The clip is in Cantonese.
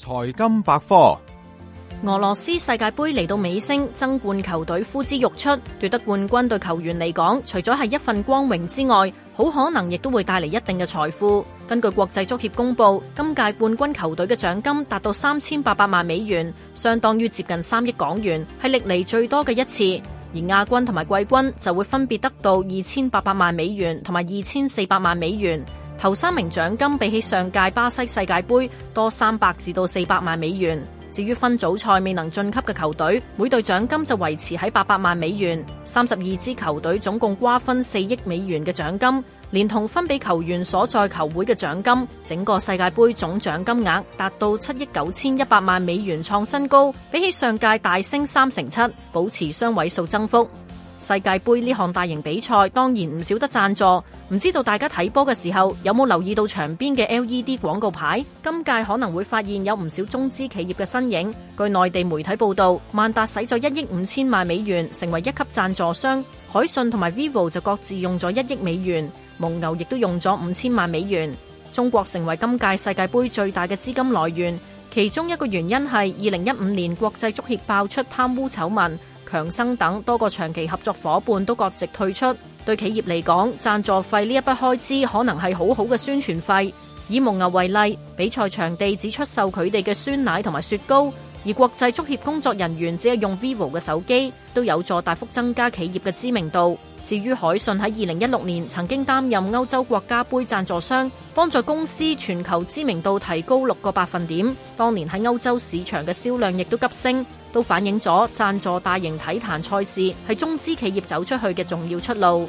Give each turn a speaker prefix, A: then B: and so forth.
A: 財金百科，俄羅斯世界盃嚟到尾聲，爭冠球隊呼之欲出。奪得冠軍對球員嚟講，除咗係一份光榮之外，好可能亦都會帶嚟一定嘅財富。根據國際足協公布，今屆冠軍球隊嘅獎金達到三千八百萬美元，相當於接近三億港元，係歷來最多嘅一次。而亞軍同埋季軍就會分別得到二千八百萬美元同埋二千四百萬美元。頭三名獎金比起上屆巴西世界盃多三百至到四百萬美元，至於分組賽未能晉級嘅球隊，每隊獎金就維持喺八百萬美元。三十二支球隊總共瓜分四億美元嘅獎金，連同分俾球員所在球會嘅獎金，整個世界盃總獎金額達到七億九千一百萬美元，創新高，比起上屆大升三成七，保持雙位數增幅。世界盃呢項大型比賽當然唔少得贊助，唔知道大家睇波嘅時候有冇留意到場邊嘅 LED 廣告牌？今屆可能會發現有唔少中資企業嘅身影。據內地媒體報道，萬達使咗一億五千萬美元成為一級贊助商，海信同埋 VIVO 就各自用咗一億美元，蒙牛亦都用咗五千萬美元。中國成為今屆世界盃最大嘅資金來源，其中一個原因係二零一五年國際足協爆出貪污醜聞。強生等多個長期合作夥伴都割席退出，對企業嚟講，贊助費呢一筆開支可能係好好嘅宣傳費。以蒙牛為例，比賽場地只出售佢哋嘅酸奶同埋雪糕。而國際足協工作人員只係用 vivo 嘅手機，都有助大幅增加企業嘅知名度。至於海信喺二零一六年曾經擔任歐洲國家盃贊助商，幫助公司全球知名度提高六個百分點。當年喺歐洲市場嘅銷量亦都急升，都反映咗贊助大型體壇賽事係中資企業走出去嘅重要出路。